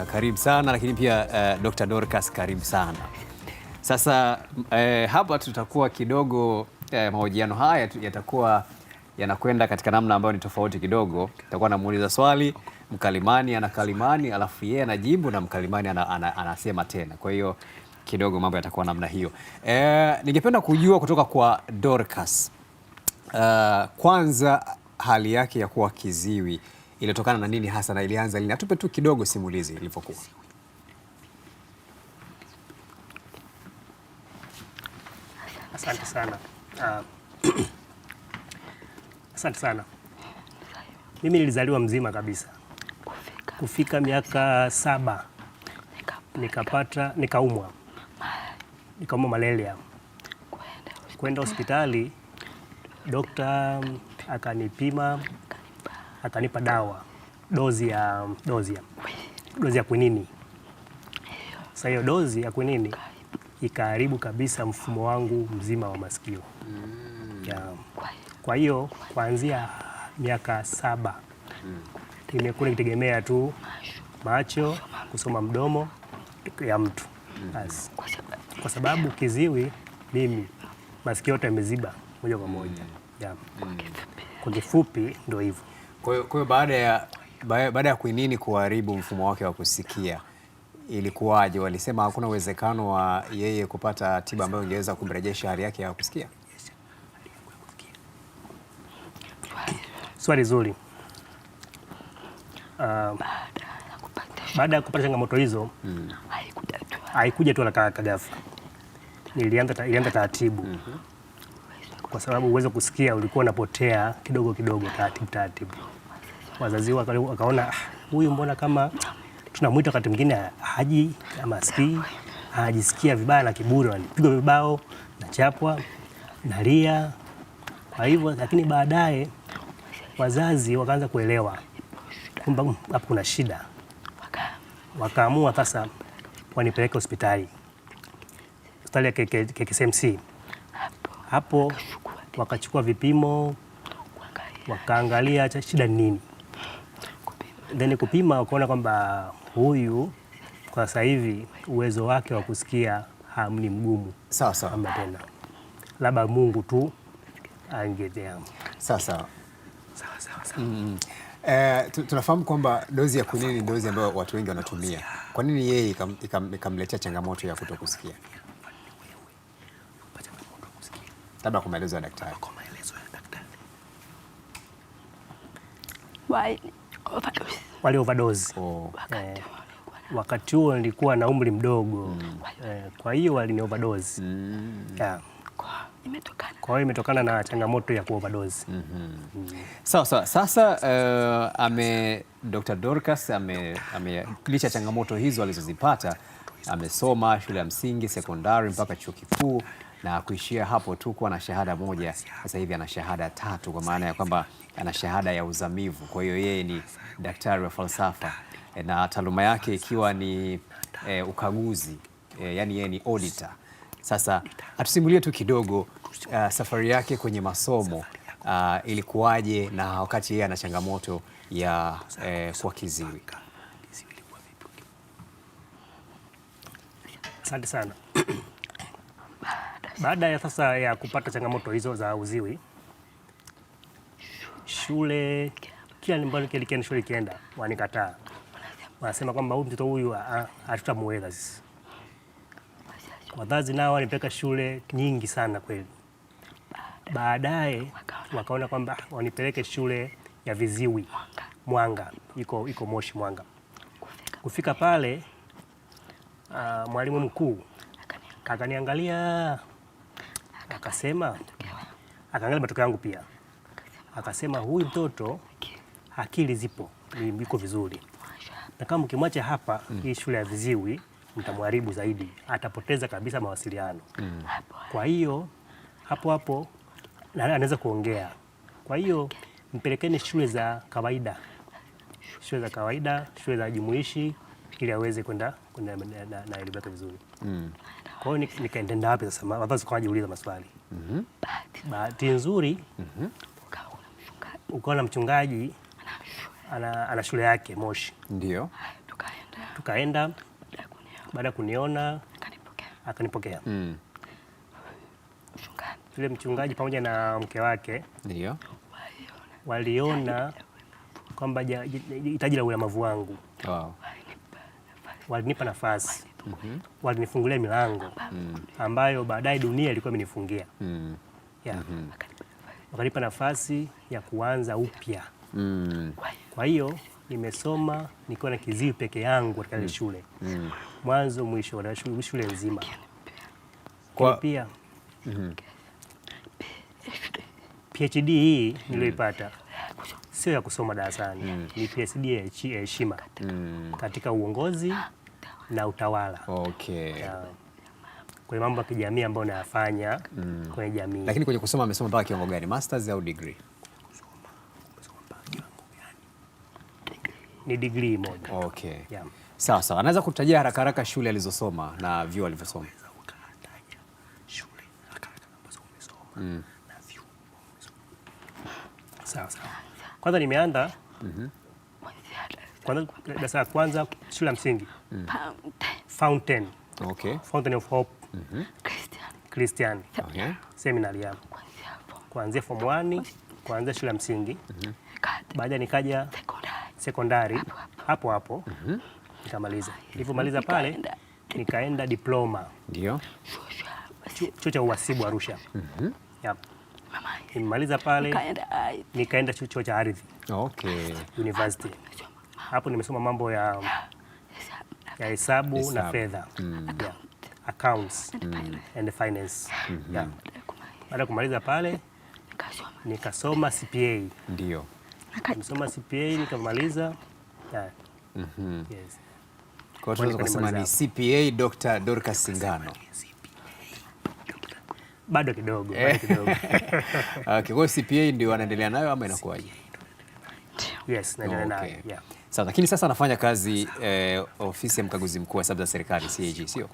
Eh, karibu sana lakini pia uh, eh, Dr. Dorcas karibu sana. Sasa eh, hapa tutakuwa kidogo eh, mahojiano haya yatakuwa yanakwenda katika namna ambayo ni tofauti kidogo. Tutakuwa namuuliza swali mkalimani ana kalimani, alafu yeye anajibu na mkalimani ana, ana, anasema tena. Kwa hiyo kidogo mambo yatakuwa namna hiyo. Eh, ningependa kujua kutoka kwa Dorcas. Uh, kwanza hali yake ya kuwa kiziwi ilitokana na nini hasa na ilianza lini? Atupe tu kidogo simulizi ilivyokuwa. Asante sana. Uh, asante sana. Mimi nilizaliwa mzima kabisa kufika miaka saba nikapata nikaumwa, nikaumwa malaria. Kwenda hospitali, dokta akanipima atanipa dawa dozi ya dozi ya dozi ya kwinini. Sasa hiyo dozi ya kwinini ikaharibu kabisa mfumo wangu mzima wa masikio mm. ya. Kwa hiyo kuanzia miaka saba nimekuwa nikitegemea tu macho kusoma mdomo ya mtu basi, kwa sababu kiziwi mimi masikio yote yameziba moja kwa moja. Mm. Mm. Kwa kifupi ndio hivyo. Kwa hiyo baada ya baada ya Queen kuharibu mfumo wake wa kusikia ilikuwaje? Walisema hakuna uwezekano wa yeye kupata tiba ambayo ingeweza kumrejesha hali yake ya kusikia. Swali zuri. Uh, baada ya kupata changamoto hizo hmm. haikuja hmm, tu haraka haraka ilianza taratibu. Mm-hmm kwa sababu uweze kusikia, ulikuwa unapotea kidogo kidogo, taratibu taratibu. Wazazi wakaona ah, huyu, mbona kama tunamwita wakati mwingine haji ama sikii, anajisikia vibaya na kiburi, anapigwa vibao na chapwa na lia. Kwa hivyo, lakini baadaye wazazi wakaanza kuelewa kwamba mm, hapo kuna shida, wakaamua sasa wanipeleke hospitali hospitali ya KKCMC hapo wakachukua vipimo wakaangalia shida nini, then kupima wakaona kwamba huyu kwa sasa hivi uwezo wake wa kusikia hamni mgumu. Sawa sawa, tena labda Mungu tu angetea. Sawa sawa mm. mm. Eh, tunafahamu kwamba dozi ya kunini ni dozi ambayo watu wengi wanatumia. Kwa nini yeye ikamletea changamoto ya kutokusikia? labda kwa maelezo ya daktari. Kwa maelezo ya daktari. Why overdose? Wale overdose. Oh. Wakati eh, wakati huo nilikuwa na umri mdogo mm. Eh, kwa hiyo walini overdose mm. Yeah. Kwa hiyo imetokana na changamoto ya kuoverdose. mm -hmm. mm. Sawa sawa. Sasa uh, ame Dr. Dorcas ame, ame licha changamoto hizo alizozipata amesoma shule ya msingi, sekondari mpaka chuo kikuu na kuishia hapo tu kuwa na shahada moja. Sasa hivi ana shahada tatu, kwa maana ya kwamba ana shahada ya uzamivu. Kwa hiyo yeye ni daktari wa falsafa e, na taaluma yake ikiwa ni e, ukaguzi e, yani yeye ni auditor. Sasa atusimulie tu kidogo uh, safari yake kwenye masomo uh, ilikuwaje na wakati yeye ana changamoto ya eh, kuwa kiziwi. Asante sana baada ya sasa ya kupata changamoto hizo za uziwi, shule kila nyumbani kile shule ikienda wanikataa, wanasema kwamba huyu mtoto huyu ah, ah, hatutamuweza sisi. Wazazi nao wanipeleka shule nyingi sana kweli. Baadaye wakaona kwamba ah, wanipeleke shule ya viziwi Mwanga, iko iko Moshi Mwanga. Kufika pale, uh, mwalimu mkuu kakaniangalia akasema, akaangalia matokeo yangu pia, akasema huyu mtoto akili zipo, iko vizuri, na kama ukimwacha hapa mm. hii shule ya viziwi mtamharibu zaidi, atapoteza kabisa mawasiliano. Mm. Kwa hiyo hapo hapo anaweza kuongea, kwa hiyo mpelekeni shule za kawaida, shule za kawaida, shule za jumuishi ili aweze kwenda na elimu yake vizuri. Mm. Kwa hiyo nikaenda wapi sasa? Wazazi wakajiuliza maswali. Mm-hmm. Bahati nzuri mm-hmm. ukawa na mchungaji ana, ana shule yake Moshi, ndio tukaenda. Baada ya kuniona akanipokea mm. yule mchungaji pamoja na mke wake, ndio waliona kwamba hitaji la ulemavu wangu wow walinipa nafasi mm -hmm. walinifungulia milango mm -hmm. ambayo baadaye dunia ilikuwa imenifungia mm -hmm. yeah. mm -hmm. wakanipa nafasi ya kuanza upya mm -hmm. kwa hiyo nimesoma nikiwa na kiziwi peke yangu katika mm -hmm. shule mm -hmm. mwanzo mwisho na shule nzima kwa... pia mm -hmm. PhD hii niliyoipata mm -hmm sio ya kusoma darasani mm. Ni PSD ya heshima mm. katika uongozi ah, na utawala okay. ya, Kwenye mambo ya kijamii ambayo unayafanya mm. kwenye jamii. Lakini kwenye kusoma amesoma mpaka kiwango gani? Masters au degree? Ni degree moja. Okay. Yeah. Sawa sawa, anaweza kutajia haraka haraka shule alizosoma na vyuo alivyosoma mm. sawa sawa. Kwanza nimeanza mm -hmm. darasa la kwanza shule ya msingi mm. Fountain. Okay. Fountain of Hope mm -hmm. Christian okay. Seminari yangu kuanzia form 1 kuanzia shule ya msingi mm -hmm. Baada nikaja sekondari hapo hapo mm Nikamaliza, nilivyomaliza pale nikaenda diploma, ndio chuo cha uhasibu Arusha mm -hmm. yep mama. Nimemaliza pale nikaenda, chuo cha ardhi okay. University hapo nimesoma mambo ya ya hesabu na fedha mm. yeah. accounts mm. and finance mm -hmm. yeah. Baada ya kumaliza pale nikasoma CPA, ndio nimesoma CPA nikamaliza yeah. mm -hmm. yes. Kwa hiyo tunaweza kusema ni CPA Dr. Dorcas Singano bado kidogo, bado eh. kidogo. Okay, kwa CPA ndio wanaendelea nayo ama inakuwaje? Yes, Okay. Yeah. Sawa, lakini sasa anafanya kazi eh, ofisi ya mkaguzi mkuu wa hesabu za serikali CAG, sio?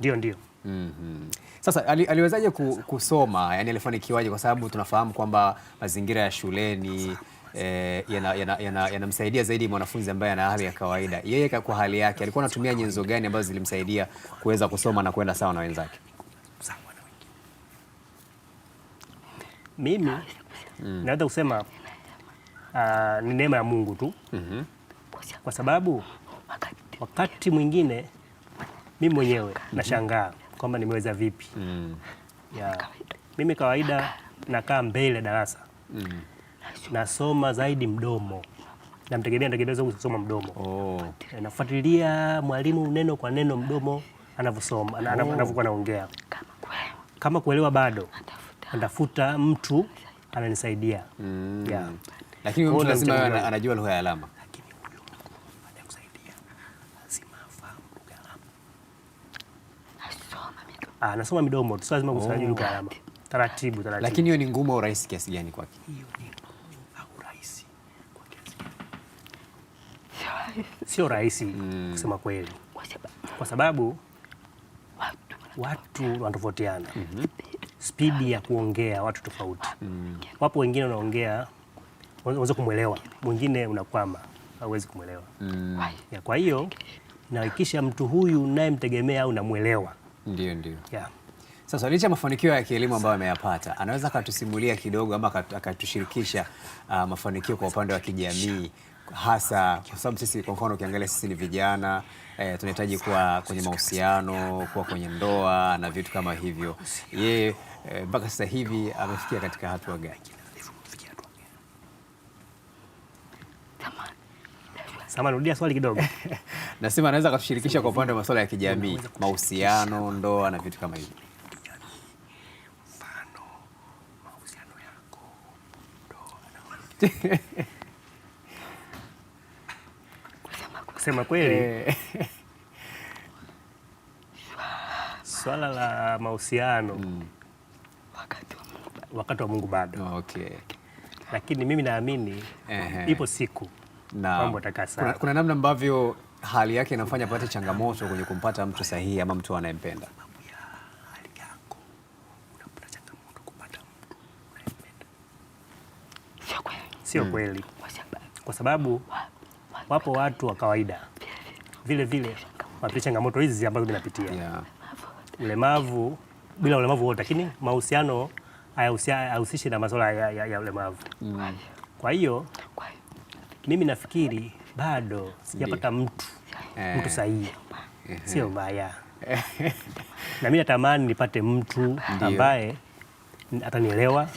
Ndio, ndio. Mm -hmm. Sasa ali, aliwezaje kusoma, yani alifanikiwaje? Kwa sababu tunafahamu kwamba mazingira ya shuleni eh, yanamsaidia yana, yana, yana zaidi mwanafunzi ambaye ana hali ya kawaida. Yeye kwa hali yake alikuwa anatumia nyenzo gani ambazo zilimsaidia kuweza kusoma na kwenda sawa na wenzake? mimi mm. naweza kusema uh, ni neema ya Mungu tu mm -hmm. kwa sababu wakati mwingine mimi mwenyewe nashangaa kwamba nimeweza vipi mm. mimi kawaida nakaa mbele darasa mm. nasoma zaidi mdomo namtegemea tegemea kusoma mdomo oh. nafuatilia mwalimu neno kwa neno mdomo anavyosoma oh. anavyokuwa anaongea, kama kuelewa bado natafuta mtu ananisaidia mm. yeah. Lakini mtu lazima anajua lugha ya alama anasoma ah, midomo tu, lazima oh. kusajili lugha alama taratibu taratibu. Lakini hiyo ni ngumu au rahisi kiasi gani kwake? Hiyo ni au rahisi kwa kiasi gani? Sio rahisi mm. kusema kweli, kwa sababu watu wanatofautiana mm -hmm spidi ya kuongea watu tofauti mm. Wapo wengine unaongea unaweza kumwelewa, mwingine unakwama, hauwezi kumwelewa mm. Ya, kwa hiyo nahakikisha mtu huyu nayemtegemea au namwelewa, ndio ndio Sasa licha mafanikio ya kielimu ambayo ameyapata, anaweza akatusimulia kidogo ama akatushirikisha uh, mafanikio kwa upande wa kijamii hasa kwa sababu sisi kwa mfano ukiangalia sisi ni vijana eh, tunahitaji kuwa kwenye mahusiano, kuwa kwenye ndoa na vitu kama hivyo. Yeye eh, mpaka eh, sasa hivi amefikia katika hatua gani? Sama, rudia swali kidogo. Nasema anaweza akatushirikisha kwa upande wa masuala ya kijamii, mahusiano, ndoa na vitu kama hivyo. kusema kweli swala la mahusiano mm. wakati wa Mungu bado oh, okay. Lakini mimi naamini ipo siku mambo yatakaa sawa. Kuna, kuna namna ambavyo hali yake inamfanya apate changamoto kwenye kumpata mtu sahihi ama mtu anayempenda. Sio mm. kweli, kwa sababu wapo watu wa kawaida vile vile wapitia changamoto hizi ambazo zinapitia yeah. Ulemavu bila ulemavu wote, lakini mahusiano hayahusishi na masuala ya, ya, ya ulemavu mm. Kwa hiyo mimi nafikiri bado sijapata mtu yeah. mtu sahihi yeah. sio mbaya na mimi natamani nipate mtu ambaye atanielewa,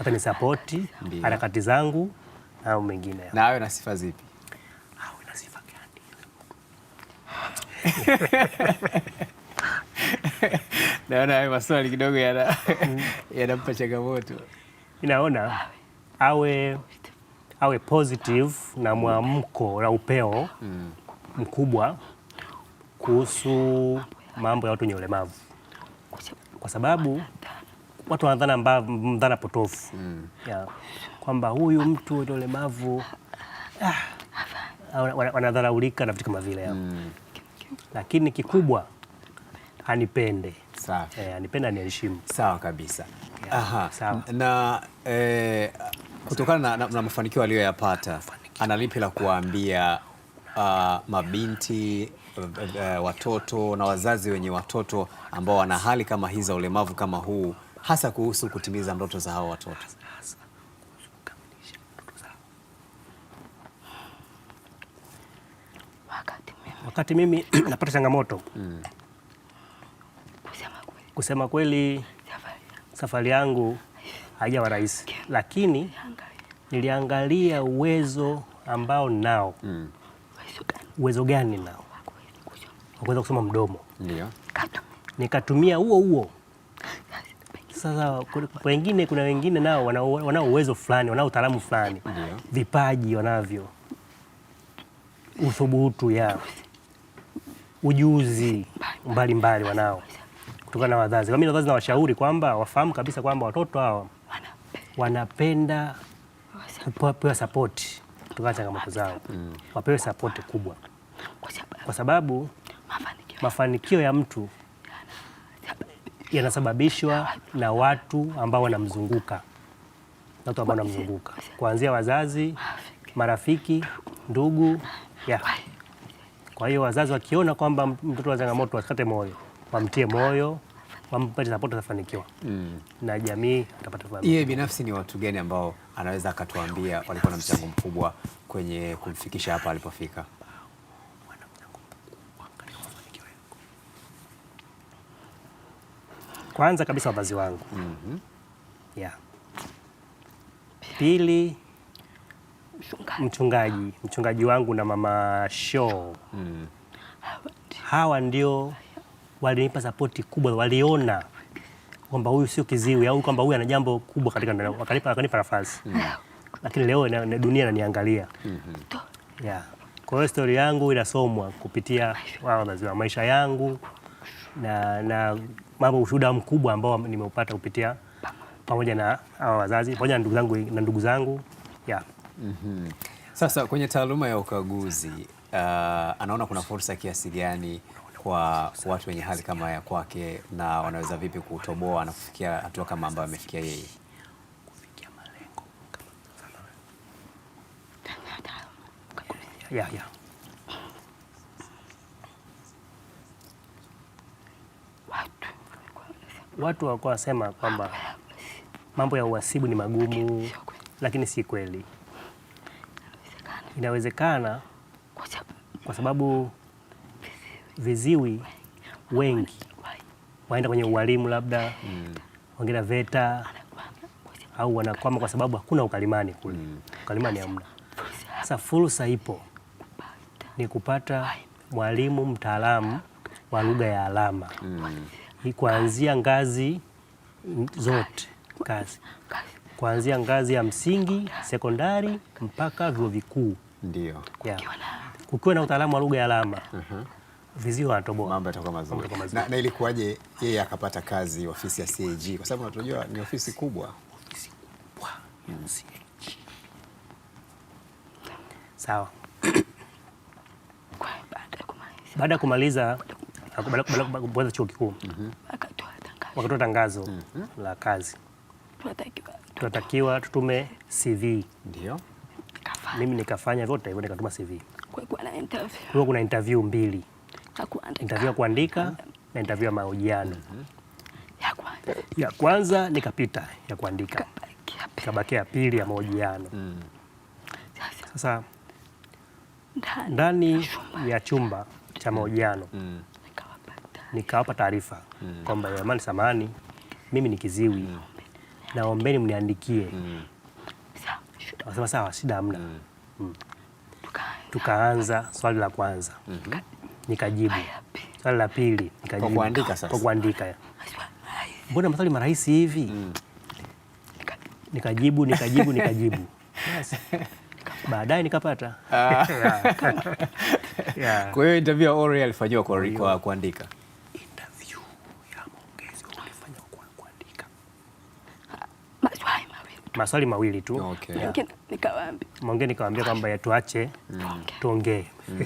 atanisapoti harakati zangu au mengine. Na awe na sifa zipi? Naona hayo maswali kidogo mm. yanampa changamoto. Inaona awe awe positive na mwamko na upeo mm. mkubwa kuhusu mambo ya watu wenye ulemavu, kwa sababu watu wanadhana mdhana potofu mm. kwamba huyu mtu wenye ulemavu ah, wanadharaulika na vitu kama vile mm lakini kikubwa anipende. Sawa. E, anipende aniheshimu. Sawa kabisa. Aha. Sawa. Na eh, kutokana na, na, na mafanikio aliyoyapata ana lipi la kuwaambia uh, ah, mabinti uh, watoto na wazazi wenye watoto ambao wana hali kama hii za ulemavu kama huu hasa kuhusu kutimiza ndoto za hao watoto? Wakati mimi napata changamoto mm. kusema kweli, safari yangu haijawa rahisi, lakini niliangalia uwezo ambao nao mm. uwezo gani nao wakuweza kusoma mdomo, nikatumia huo huo sasa wengine, kuna wengine nao wana uwezo fulani, wanao utaalamu fulani, vipaji wanavyo, uthubutu yao ujuzi mbalimbali wanao kutokana na wazazi. Kwa mimi wazazi nawashauri kwamba wafahamu kabisa kwamba watoto hawa wanapenda kupewa sapoti kutokana na changamoto zao, mm. wapewe sapoti kubwa, kwa sababu mafanikio ya mtu yanasababishwa na watu ambao wanamzunguka watu ambao wanamzunguka kuanzia wazazi, marafiki, ndugu ya kwa hiyo wazazi wakiona kwamba mtoto ana changamoto wasikate moyo, wamtie moyo, wampatie support, atafanikiwa mm. na jamii atapata faida. Yeye binafsi ni watu gani ambao anaweza akatuambia walikuwa na mchango mkubwa kwenye kumfikisha hapa alipofika? Kwanza kabisa wazazi wangu mm -hmm. yeah. Pili mchungaji, mchungaji, mchungaji wangu na mama show mm. hawa ndio walinipa sapoti kubwa, waliona kwamba huyu sio kiziwi au kwamba huyu ana jambo kubwa katika ndani, wakanipa nafasi mm. lakini leo na, na dunia inaniangalia mm -hmm. yeah. Kwa hiyo stori yangu inasomwa kupitia wazazi wa maisha yangu na, na mambo ushuhuda mkubwa ambao nimeupata kupitia pamoja na hawa wazazi pamoja na ndugu zangu na ndugu zangu yeah mm -hmm. Sasa kwenye taaluma ya ukaguzi uh, anaona kuna fursa kiasi gani kwa watu wenye hali kama ya kwake na wanaweza vipi kutoboa na kufikia hatua kama ambayo amefikia yeye? Watu walikuwa wasema kwamba mambo ya uhasibu ni magumu, lakini si kweli. Inawezekana kwa sababu viziwi wengi waenda kwenye ualimu labda mm. wengine VETA au wanakwama kwa sababu hakuna ukalimani kule mm. ukalimani hamna. Sasa fursa ipo ni kupata mwalimu mtaalamu wa lugha ya alama mm. kuanzia ngazi zote kazi kuanzia ngazi ya msingi, sekondari mpaka vyuo vikuu ndio yeah. Kukiwa na utaalamu wa lugha ya alama uh -huh. mambo yatakuwa mazuri. Na, na ilikuwaje yeye akapata kazi ofisi ya CAG, kwa sababu natujua ni ofisi kubwa, ofisi kubwa hmm. Sawa. Baada ya kumaliza kumaliza chuo kikuu mm -hmm. wakatoa tangazo mm -hmm. la kazi, tunatakiwa tutume CV ndio nikafanya. Mimi nikafanya vyote hivyo nikatuma CV. Kulikuwa na interview. Kulikuwa kuna interview mbili. Interview ya kuandika na interview ya mahojiano. Mm-hmm. Ya kwanza. Ya kwanza nikapita ya kuandika. Kabakia pili ya mahojiano. Mm. Sasa ndani ya chumba cha mahojiano mm. nikawapa taarifa mm. kwamba jamani, samani mimi ni kiziwi, mm. naombeni mniandikie mm. Wasema sawa, shida hamna. mm. mm. Tukaanza swali la kwanza. mm -hmm. Nikajibu swali la pili nikajibu kwa kuandika, mbona maswali marahisi hivi? Mm. Nikajibu, nikajibu, nikajibu baadae Baadaye nikapata. Ah. Kwa hiyo interview ya oral alifanyiwa kwa kuandika maswali mawili tu okay. Mwongee nikawaambia kwamba yatuache mm. tuongee mm.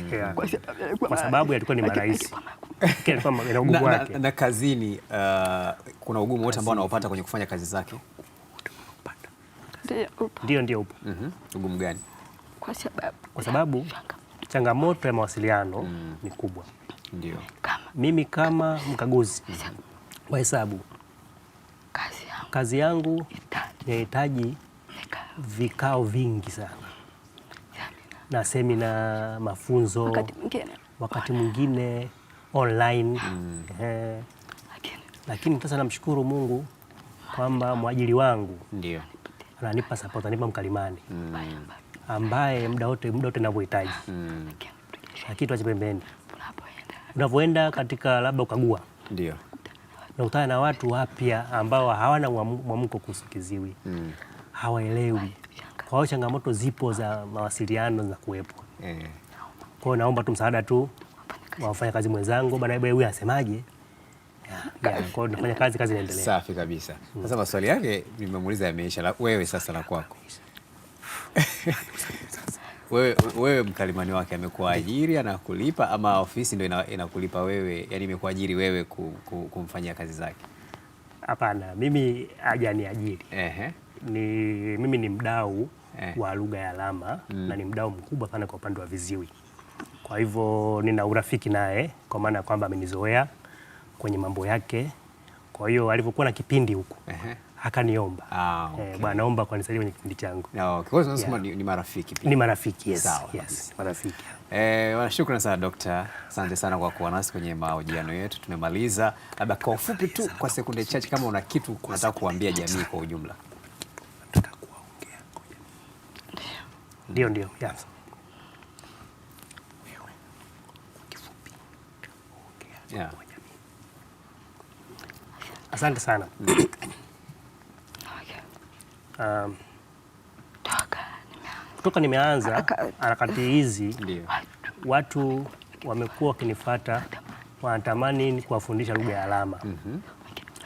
kwa sababu yalikuwa ni marahisi na, na, na kazini uh, kuna ugumu wote ambao anaopata kwenye kufanya kazi zake ndio ndio upo mm-hmm. ugumu gani? Kwa sababu, kwa sababu changamoto ya mawasiliano mm. ni kubwa ndio. Mimi kama mkaguzi wa hesabu kazi yangu, kazi yangu inahitaji vikao vingi sana na semina, mafunzo, wakati mwingine online mm. Eh, lakini sasa namshukuru Mungu kwamba mwajili wangu ndio ananipa support, ananipa mkalimani mm. ambaye muda wote muda wote ninavyohitaji mm. lakini tuache pembeni, unavyoenda katika labda ukagua ndio nakutana na watu wapya ambao hawana mwamko kuhusu kiziwi mm. hawaelewi. Kwa hiyo changamoto zipo za mawasiliano za kuwepo yeah. Kwa hiyo naomba tu msaada tu wafanya kazi mwenzangu, bwana huyu asemaje? Nafanya kazi, kazi inaendelea. Safi kabisa. Mm. Sasa maswali yake nimemuuliza yameisha. Wewe sasa la kwako wewe, wewe mkalimani wake amekuajiri anakulipa ama ofisi ndio inakulipa wewe, yani imekuajiri wewe kumfanyia kazi zake? Hapana, mimi hajaniajiri. Ehe. Ni mimi ni mdau eh. wa lugha ya alama mm. na ni mdau mkubwa sana kwa upande wa viziwi, kwa hivyo nina urafiki naye kwa maana ya kwamba amenizoea kwenye mambo yake, kwa hiyo alivyokuwa na kipindi huko akaniomba ah, eh, okay. Eh, Bwana naomba kunisaidie kwenye kipindi changu. Ah, okay. Kwa hiyo unasema Yeah. Ni, ni marafiki pia. Ni marafiki yes. Sawa, yes. Marafiki. Eh, wana shukrani sana Dokta, asante sana kwa kuwa nasi kwenye mahojiano yetu. Tumemaliza, labda kwa ufupi tu kwa sekunde chache, kama una kitu unataka kuambia jamii kwa ujumla. Nataka Ndio, ndio. Yes. Yeah. Asante sana mm um, toka nimeanza, toka nimeanza harakati hizi watu wamekuwa wakinifuata, wanatamani kuwafundisha lugha ya alama mm -hmm.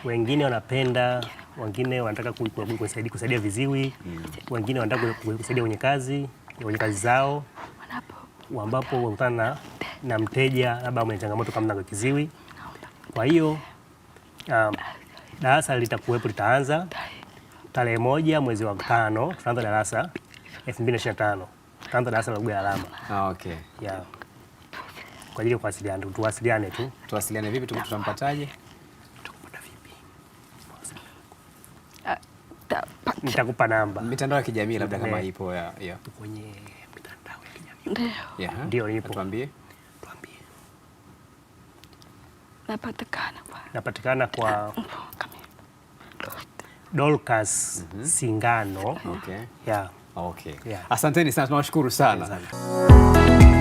Wengine wanapenda, wengine wanataka kusaidia, kusaidia viziwi mm. Wengine wanataka kusaidia wenye kazi kwenye kazi zao, ambapo wakutana na mteja labda mwenye changamoto kama na kiziwi. Kwa hiyo um, darasa litakuwepo, litaanza tarehe moja mwezi wa tano tutaanza darasa 2025 tutaanza darasa la lugha ya alama. Ah, okay. Yeah. Kwa ajili ya kuwasiliana, tuwasiliane tu. Tuwasiliane vipi? Tutampataje? Ah, Nitakupa namba. Mitandao ya kijamii labda kama ipo ya ya. Kwenye mitandao ya kijamii. Yeah. Ndio ipo. Tuambie. Tuambie. Napatikana kwa Napatikana kwa Dorcas mm -hmm. Singano okay. Yeah. Okay. Yeah. Asanteni sana tunawashukuru sana.